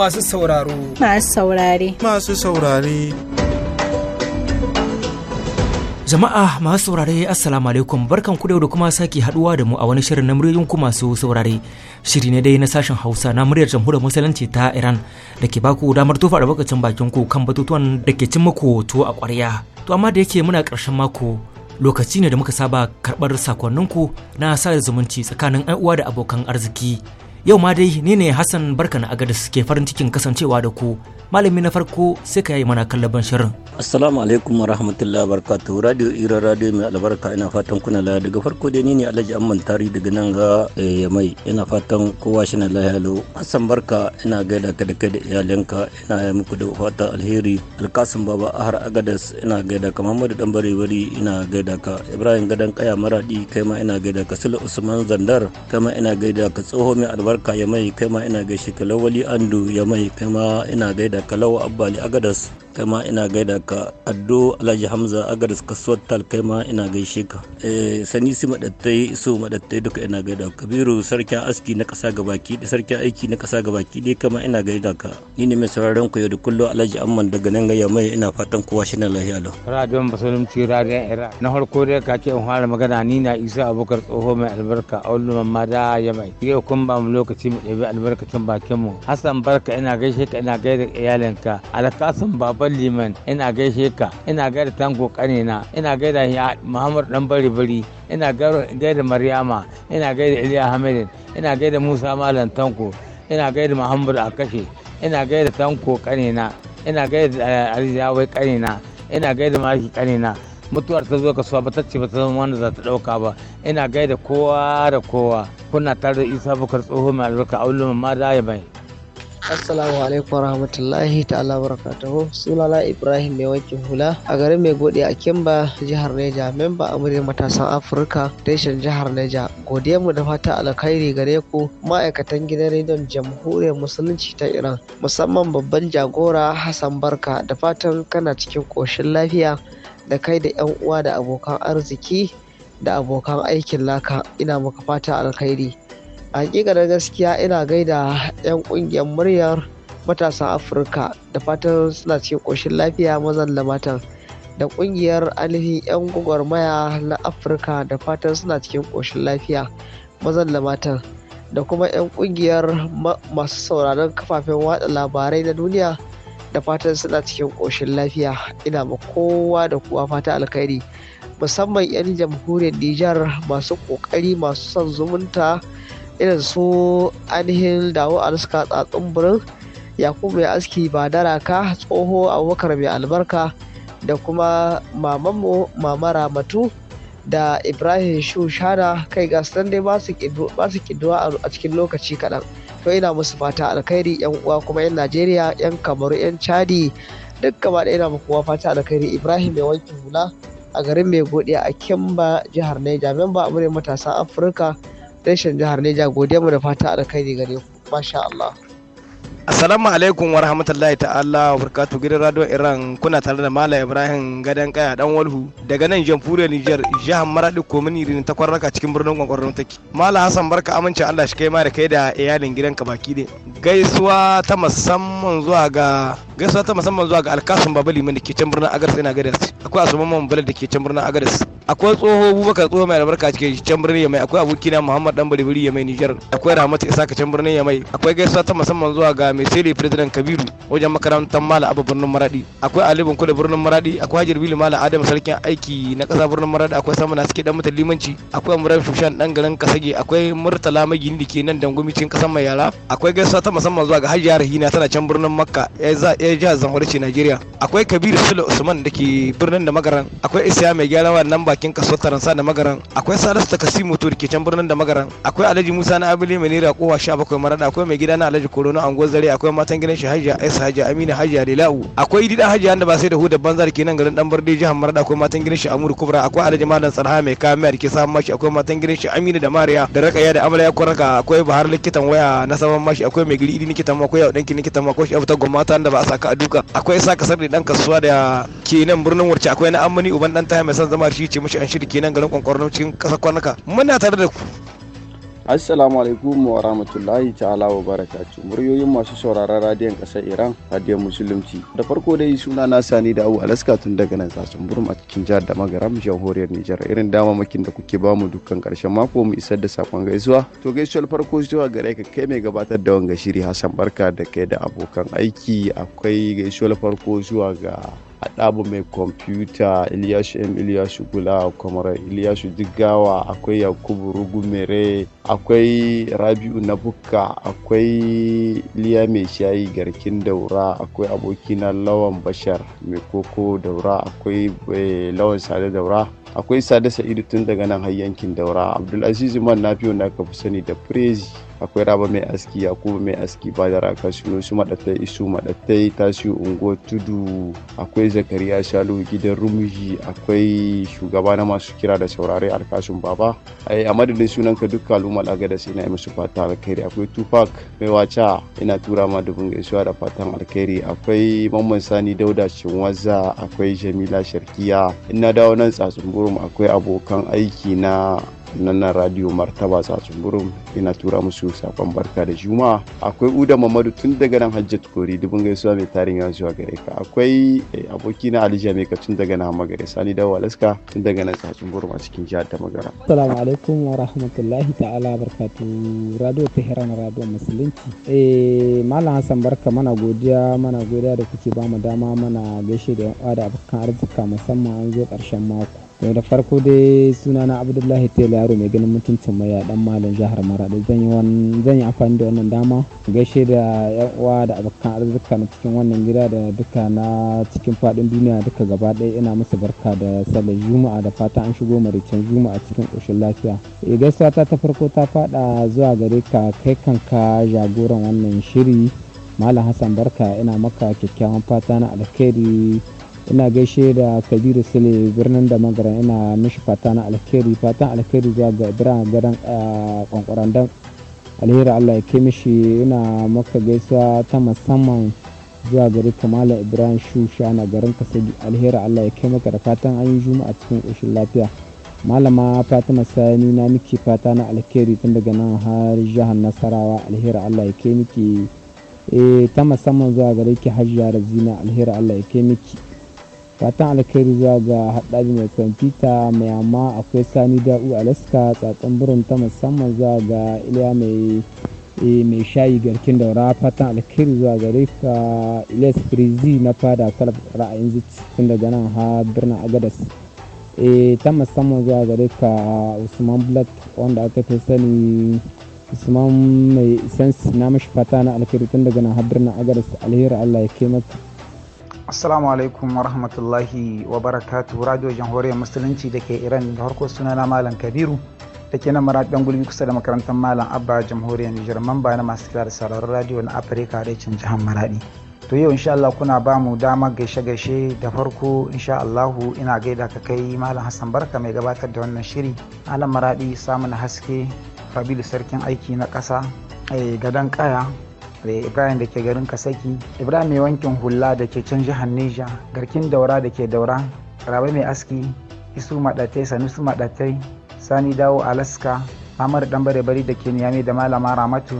Speaker 5: masu sauraro.
Speaker 1: Masu saurare. Masu saurare.
Speaker 4: Jama'a masu saurare Assalamu alaikum barkan ku da kuma sake haduwa da mu a wani shirin na muryoyin ku masu saurare. Shiri ne dai na sashen Hausa na muryar Jamhuriyar Musulunci ta Iran da ke baku damar tofa da bakacin bakin ku kan batutuwan da ke cin muku tuwo a ƙwarya. To amma da yake muna ƙarshen mako lokaci ne da muka saba karɓar sakonninku na sa zumunci tsakanin ai uwa da abokan arziki. Yau ma dai ni ne Hassan Barka na Agadis ke farin cikin kasancewa da ku. Malami na farko sai ka yi mana kallaban shirin.
Speaker 6: Assalamu alaikum wa rahmatullahi wa barakatuh. Radio Ira Radio mai albarka ina fatan kuna laya daga farko dai ni ne Alhaji Amman Tari daga nan ga eh, mai ina fatan kowa shi na laya lo. Hassan Barka ina gaida ka da kai da iyalanka ina yi muku da fata alheri. Alkasim Baba Ahar Agadas ina gaida ka Muhammadu Dan Barewari ina gaida ka Ibrahim Gadan Kaya Maradi kai ma ina gaida ka Sule Usman Zandar kai ma ina gaida ka tsoho mai barka ya mai kai ma ina gaishe kalawali andu ya mai kai ma ina gaida kalawa abbali agadas kaima ina gaida ka addo alhaji hamza agar kasuwar tal kaima ina gaishe ka eh, sani su madattai su madattai duka ina gaida ka kabiru sarki aski na kasa gabaki da sarki aiki na kasa gabaki dai kama ina gaida ka ni ne mai sauraron ku yau da kullum alhaji amman daga nan gaya mai ina fatan kowa shi na lahiya lau.
Speaker 5: radiyon musulunci radiyon iraq na farko dai ka ce in fara magana ni na isa abokar tsoho mai albarka a wani mamma da ya mai yau kun ba mu lokaci mu ɗabi albarkacin bakinmu hassan barka ina gaishe ka ina gaida iyalinka alkasan babu babban liman ina gaishe ka ina gaida tanko kanina ina gaida muhammad dan bari bari ina gaida maryama ina gaida iliya hamidin ina gaida musa malam tanko ina gaida muhammad akashi ina gaida tanko kanina ina gaida eh, arziyawai kanina ina gaida mashi kanina mutuwar ta zo ka kasuwa ba ta ce ba ta zama wanda za ta ɗauka ba ina gaida kowa da kowa kuna tare da isa bukar tsoho mai albarka a ulumar ma da ya bai
Speaker 7: Assalamu alaikum warahmatullahi ta'ala barakatuhu. Sunana Ibrahim mai wankin hula a garin mai gode a Kimba jihar Neja memba amurin matasan Afirka reshen jihar Neja. Godiya mu da fata alkhairi gare ku ma'aikatan gidan rediyon jamhuriyar musulunci ta Iran musamman babban jagora Hassan Barka da fatan kana cikin koshin lafiya da kai da 'yan uwa da abokan arziki da abokan aikin laka ina maka fata alkhairi. hakikanin gaskiya ina gaida 'yan kungiyar muryar matasan afirka da fatan suna cikin ƙoshin lafiya mazan da matan da kungiyar ainihin 'yan gwagwarmaya na afirka da fatan suna cikin ƙoshin lafiya mazan da matan da kuma 'yan kungiyar masu sauraron kafafen watsa labarai na duniya da fatan suna cikin ƙoshin lafiya ina ma kowa da kowa fata alkhairi musamman 'yan jamhuriyar nijar masu ƙoƙari masu son zumunta irin su ainihin dawo aluska tsatsun burin yakubu mai aski ba daraka tsoho abubakar mai albarka da kuma mamanmu mama ramatu da ibrahim shushana kai ga nan dai ba su kiduwa a cikin lokaci kaɗan to ina musu fata alkhairi yan uwa kuma yan najeriya yan kamaru yan chadi duk gaba ɗaya ina muku fata alkhairi ibrahim mai wankin hula a garin mai godiya a kimba jihar Neja memba amurai matasan afirka tashin jihar Neja godiya mu da fata alkhairi gare ku masha Allah
Speaker 5: Assalamu alaikum wa rahmatullahi ta'ala wa barkatu gidan radio Iran kuna tare da Malam Ibrahim Gadan Kaya dan Walhu daga nan jamhuriyar Niger jihar Maradi komini ne ta kwarraka cikin birnin Kwankwaron take Malam Hassan barka amince Allah shi kai ma da kai da iyalin gidanka baki ne gaisuwa ta musamman zuwa ga gaisuwa ta musamman zuwa ga alkasun baba liman da ke can birnin agadas yana gadas akwai asuman man bala da ke can birnin agadas akwai tsoho bubakar tsoho mai albarka ke can birnin yamai akwai abokina muhammad dan baribiri yamai nijar akwai rahmatu isa ka can birnin yamai akwai gaisuwa ta musamman zuwa ga mai sele president kabiru wajen makarantar mala abu birnin maradi akwai alibin kudu birnin maradi akwai hajar bilu mala adam sarkin aiki na kasa birnin maradi akwai samu na suke dan mutan limanci akwai murar shushan dan garin kasage akwai murtala magini da ke nan dangumicin kasan mai yara akwai gaisuwa ta musamman zuwa ga hajiya rahina tana can birnin makka ya jihar Zamfara ce Najeriya. Akwai Kabir Sule Usman da ke birnin da magaran. Akwai Isiya mai gyaran nan bakin kaso Taransa da magaran. Akwai Salisu Takasimu to da ke can birnin da magaran. Akwai Alhaji Musa na Abili mai naira kowa 17 marada. Akwai mai gida na Alhaji Korono Angon Zare. Akwai matan gidan shi Hajiya Aisha Hajiya Amina Hajiya Lela'u. Akwai didan Hajiya da ba sai da hu da ke nan garin dan Barde jihar Marada. Akwai matan gidan shi Amuru Kubra. Akwai Alhaji Malam Sarha mai kamar ke samun mashi. Akwai matan gidan shi Amina da Mariya da Rakaya da Amarya kwaraka Akwai Bahar likitan waya na saman mashi. Akwai mai giri likitan ma akwai Yaudanki likitan ma akwai shi abu ta da ba a sa ka a duka akwai sa kasar da dan kasuwa da ke nan birnin wurce akwai na amani uban dan taya mai san zama shi ce mishi an shiri kenan garin kwankwarno cikin kasar kwanaka muna tare da ku
Speaker 8: Assalamu alaikum wa rahmatullahi ta'ala wa barakatuh. Muryoyin masu sauraron radiyon ƙasar Iran, radiyon Musulunci. Da farko dai suna na Sani da Abu Alaska tun daga nan sasun burum a cikin jihar da magaram jamhuriyar Nijar. Irin dama makin da kuke bamu dukkan ƙarshen mako mu isar da sakon gaisuwa. To gaisuwar farko zuwa gare ka kai mai gabatar da wanga shiri Hassan Barka da kai da abokan aiki akwai gaisuwar farko zuwa ga A ɗabu mai kwamfuta ilyashu m ilyashu gula kwamarar ilyashu digawa akwai yakubu rugumere akwai rabi'u na bukka akwai liya mai shayi garkin daura akwai abokina lawan bashar mai koko daura akwai eh, lawan Sada daura akwai sade sa'idu tun daga nan har yankin daura abdulaziz man na fiye na ka fi sani da prezi akwai raba mai aski yakubu mai aski badara kasuno su maɗattai isu maɗattai tashi ungo tudu akwai zakariya shalu gidan rumuji akwai shugaba na masu kira da saurare alkashin baba a madadin sunanka duk kaluma ɗaga da sai na yi musu fata alkhairi akwai tupac mai wacha ina tura ma dubin gaisuwa da fatan alkhairi akwai mamman sani dauda waza, akwai jamila sharkiya ina dawo nan tsatsun akwai abokan aiki na nan radio martaba tsatsun ina tura musu sakon barka da juma'a akwai uda mamadu tun daga nan hajjat kori dubin gaisuwa mai tarin yawan zuwa gare akwai eh, aboki na alija mai tun daga nan magare sani da alaska tun daga nan tsatsun burum a cikin jihar ta magara
Speaker 9: assalamu alaikum wa rahmatullahi ta'ala barkatu radio tehran radio musulunci eh malam hassan barka mana godiya mana godiya da kuke bamu dama mana gaishe da yan uwa da abokan arzika musamman an zo karshen mako yau da farko dai suna na abdullahi tela yaro mai ganin mutuncin mai dan malam jihar maradi zan yi amfani da wannan dama gaishe da yan uwa da abokan arzika na cikin wannan gida da duka na cikin fadin duniya duka gaba ɗaya ina musu barka da sallar juma'a da fata an shigo maricin juma'a cikin ƙoshin lafiya e gaisuwa ta ta farko ta fada zuwa gare ka kai kanka jagoran wannan shiri malam hassan barka ina maka kyakkyawan fata na alkhairi ina gaishe da kabiru sule birnin da magara ina mishi fata na alkhairi fatan alkhairi zuwa ga ibrahim gadon kwankwaran dan alheri allah ya ke mishi ina maka gaisuwa ta musamman zuwa gari kamala ibrahim shusha na garin kasagi alheri allah ya ke maka da fatan an yi juma'a cikin ƙoshin lafiya malama fatima sani na miki fata na alkhairi tun daga nan har jihar nasarawa alheri allah ya ke miki eh, ta musamman zuwa gari ki hajjiyar zina alheri allah ya ke miki fatan alkhairi zuwa ga haɗari mai kwamfuta mai amma akwai sani da'u alaska tsatsan burin ta musamman zuwa ga iliya mai eh, mai shayi garkin daura fatan alkhairi zuwa ga ka iliya sifirizi na fada kalab ra'ayin zuci daga nan ha birnin agadas eh, ta musamman zuwa ga ka usman blat wanda aka fi sani usman mai sensi na mashi fata na alkhairi tun daga nan ha birnin agadas alheri allah ya kai mata.
Speaker 3: assalamu alaikum wa rahmatullahi wa barakatu radio jamhuriyar musulunci da ke iran da harko na malam kabiru da ke nan ɗan gulbi kusa da makarantar malam abba jamhuriyar nijar mamba na masu kira da sauraron radio na afirka da cin jihar maraɗi to yau insha Allah kuna ba mu dama gaishe gaishe da farko insha Allahu ina gaida ka kai malam hassan barka mai gabatar da wannan shiri malam maraɗi samun haske Fabilu sarkin aiki na ƙasa eh, gadan kaya Eh, ibrahim da ke garin kasaki ibrahim mai wankin hula da ke can jihar nija garkin daura da ke daura rabe mai aski isu maɗatai sanusu maɗatai sani dawo alaska mamar dan bare-bari da ke niyame da malama ramatu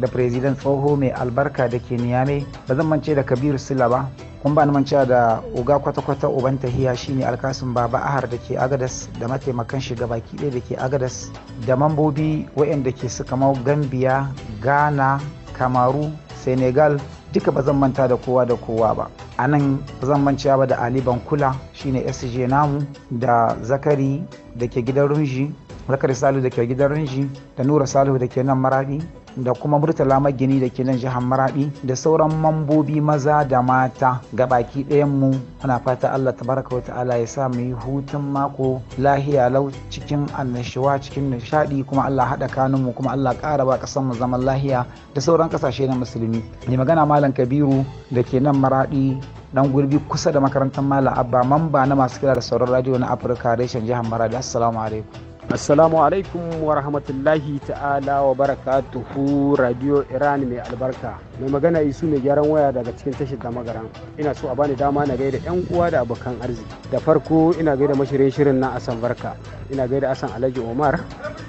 Speaker 3: da president tsoho mai albarka da ke niyame ba zan mance da kabiru sila ba kun ba mance da uga kwata-kwata uban tahiya shine alkasun baba ahar da ke agadas da mataimakan shiga baki ɗaya da ke agadas da mambobi waɗanda ke suka mau gambiya ghana kamaru senegal duka ba zan manta da kowa da kowa ba a nan zan manta ba da ali bankula shine sg namu da zakari da ke gidan runji zakari salu da ke gidan runji da nura salu da ke nan maradi da kuma murtala magini da ke nan jihar maraɗi. da sauran mambobi maza da mata ga baki ɗayan mu muna fata allah tabaraka wa ta'ala ya sa mu yi hutun mako lahiya lau cikin annashuwa cikin nishadi kuma allah haɗa kanun mu kuma allah ƙara ba ƙasar mu zaman lahiya da sauran ƙasashe na musulmi ne magana malam kabiru da ke nan maraɗi. dan gurbi kusa da makarantar malam abba mamba na masu kira da sauran radio na afirka reshen jihar maraɗi. assalamu alaikum
Speaker 9: assalamu alaikum wa rahmatullahi ta'ala wa barakatuhu radio iran mai albarka mai magana isu mai gyaran waya daga cikin tashar da magaran ina so a bani dama na gaida yan uwa da abokan arziki da farko ina gaida mashirin shirin na asan barka ina gaida asan alhaji omar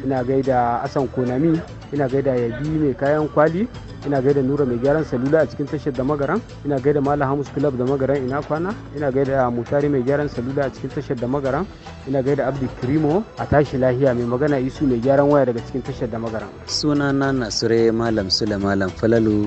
Speaker 9: ina gaida asan konami ina gaida yabi mai kayan kwali ina gaida nura mai gyaran salula a cikin tashar da magaran ina gaida malam hamus club da magaran ina kwana ina gaida mutari mai gyaran salula a cikin tashar da magaran ina gaida abdi kirimo a tashi lahiya mai magana isu mai gyaran waya daga cikin tashar da magaran
Speaker 6: sunana nasure malam sule malam falalu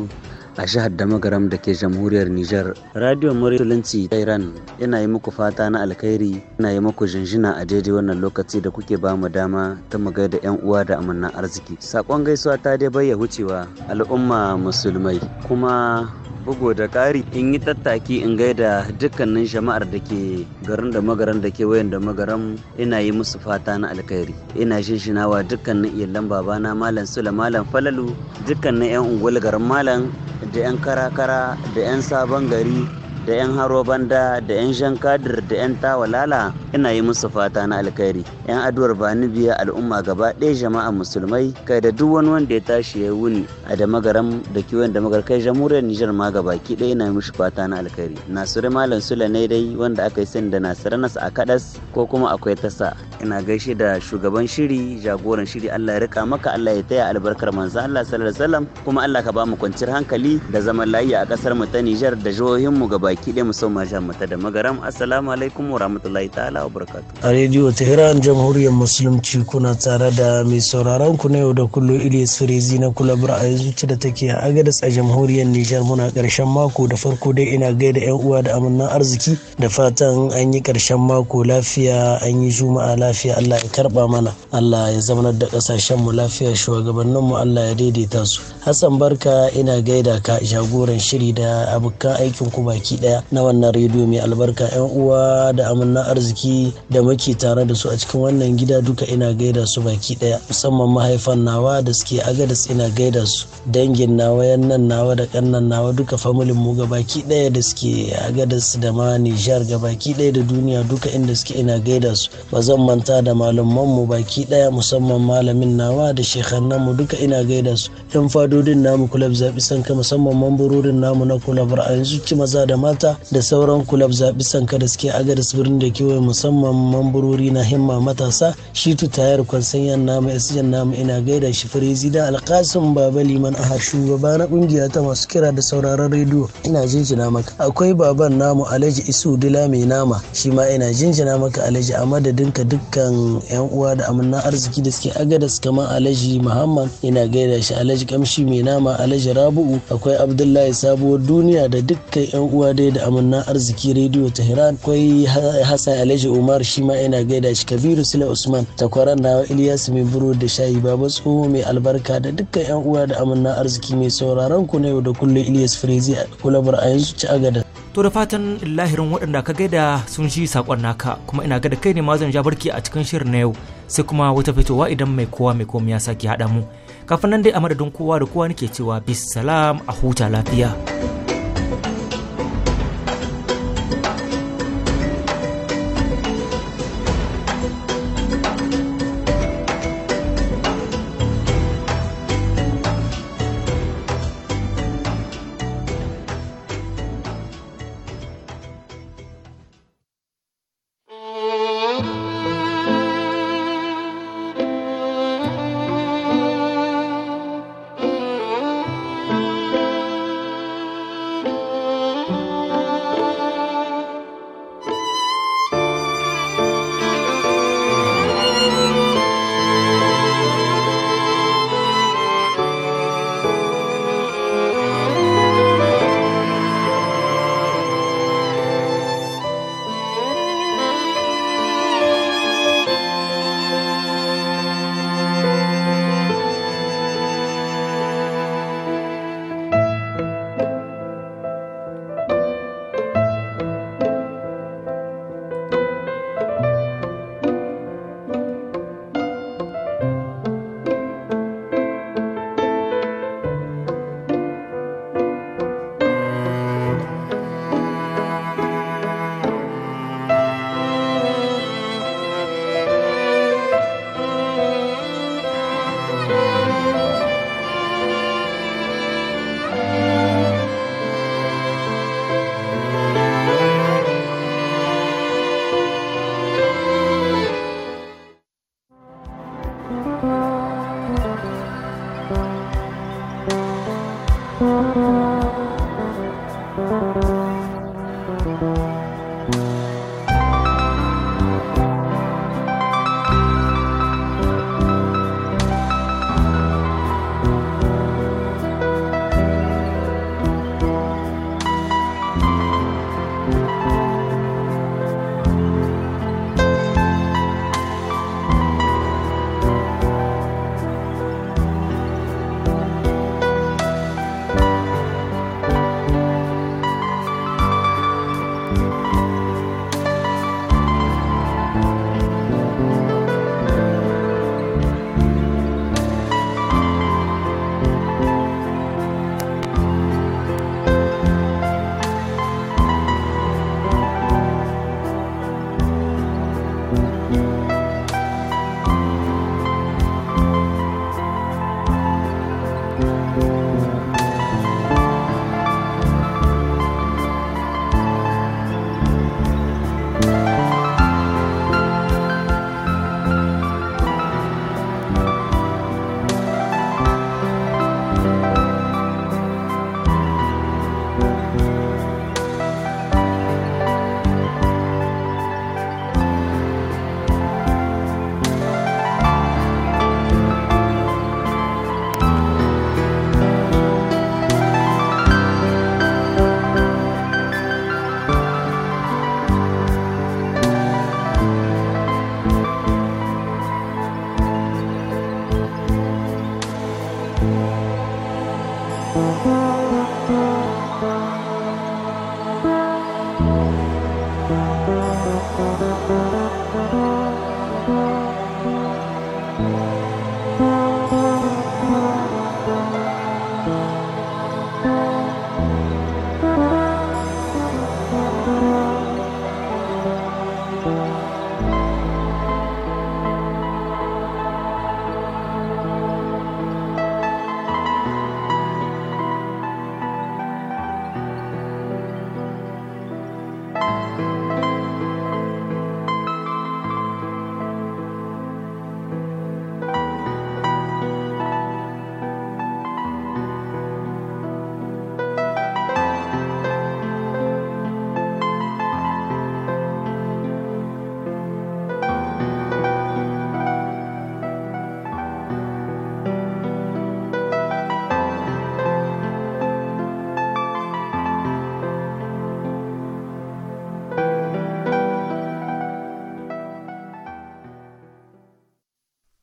Speaker 6: a jihar Damagaram da ke jamhuriyar Nijar. Radio Musulunci ta Iran yana yi muku fata na alkhairi, yana yi muku jinjina a daidai wannan lokaci da kuke ba mu dama ta mu gaida yan uwa da amanna arziki. Sakon gaisuwa ta dai bayya wucewa al'umma musulmai kuma bugu da ƙari in yi tattaki in gaida dukkanin jama'ar da ke garin da magaran da ke wayan da magaran ina yi musu fata na alkhairi ina jinjinawa dukkanin iyalan babana malam sula malam falalu dukkanin yan unguwal garin malam da 'yan kara-kara da 'yan sabon gari da 'yan haro banda da 'yan shan kadir da 'yan tawalala ina yi musu fata na alkhairi 'yan aduwar bani biya al'umma gaba ɗaya jama'a musulmai kai da duk wani wanda ya tashi ya wuni a da magaram da kiwon da magar kai jamhuriyar nijar ma gaba ki ɗaya ina yi musu fata na alkhairi nasiru malam sula ne dai wanda aka yi sani da nasiru nasu a kadas ko kuma akwai tasa ina gaishe da shugaban shiri jagoran shiri allah ya rika maka allah ya taya albarkar manzo allah sallallahu alaihi kuma allah ka ba mu kwanciyar hankali da zaman lafiya a kasar mu ta nijar da jihohin mu gaba baki da musamman da magaram assalamu alaikum wa rahmatullahi ta'ala wa barakatu.
Speaker 10: a rediyo tehran jamhuriyar musulunci kuna tare da mai sauraron ku na yau da kullum ilyas firizi na kulabar a yanzu da take a agadas a jamhuriyar nijar muna karshen mako da farko dai ina gaida yan uwa da amannan arziki da fatan an yi karshen mako lafiya an yi juma'a lafiya allah ya karba mana allah ya zama da ƙasashen mu lafiya shugabannin mu allah ya daidaita su hassan barka ina gaida ka jagoran shiri da abokan aikin ku baki daya na wannan rediyo mai albarka yan uwa da amanna arziki da muke tare da su a cikin wannan gida duka ina gaida su baki ɗaya musamman mahaifan nawa da suke agadas ina gaida su dangin nawa yannan nawa da kannan nawa duka familin mu baki daya da suke agadas da ma nijar ga baki daya da duniya duka inda suke ina gaida su ba zan manta da malaman mu baki ɗaya musamman malamin nawa da shekhannan mu duka ina gaida su yan fadodin namu kulab zabi sanka musamman mamburorin namu na kulabar a yanzu ci maza da mata mata da sauran kulab zaɓi sanka da suke agaris birnin da kewaye musamman mamburori na himma matasa shitu tayar kwansan yan namu yan namu ina gaida shi firizi da alkasim baba liman aha shugaba na kungiya ta masu kira da sauraron rediyo ina jinjina maka akwai baban namu alhaji isu dila mai nama shi ma ina jinjina maka alhaji a madadinka dukkan yan uwa da amanna arziki da suke agadas kamar alhaji muhammad ina gaida shi alhaji kamshi mai nama alhaji rabu'u akwai abdullahi sabuwar duniya da dukkan yan uwa da dare da amanna arziki rediyo tehran kai hassan alhaji umar shi ma yana gaida shi kabiru sule usman takwaran nawa ilyas mai buru da shayi baba tsoho mai albarka da dukkan yan uwa da amanna arziki mai sauraron ku na yau da kullum ilyas firizi a kulabar a yanzu ci agada
Speaker 4: to da fatan lahirin waɗanda ka gaida sun ji saƙon naka kuma ina ga da kai ne mazan zan a cikin shirin na yau sai kuma wata fitowa idan mai kowa mai komai ya sake haɗa mu kafin nan dai a madadin kowa da kowa nake cewa bis salam a huta lafiya.